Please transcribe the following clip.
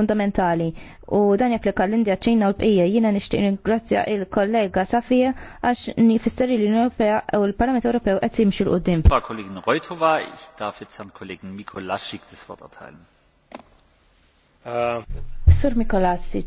fundamentali u dan japplika l-Indja ċina u l-bqija jiena nixtieq ringrazzja il-kollega Safija għax nifisseri l-Unjoni Ewropea u l-Parlament Ewropew qed jimxu l qudiem Kollegin ich darf jetzt Kollegen das Wort erteilen. Äh. Sur Mikolaschik.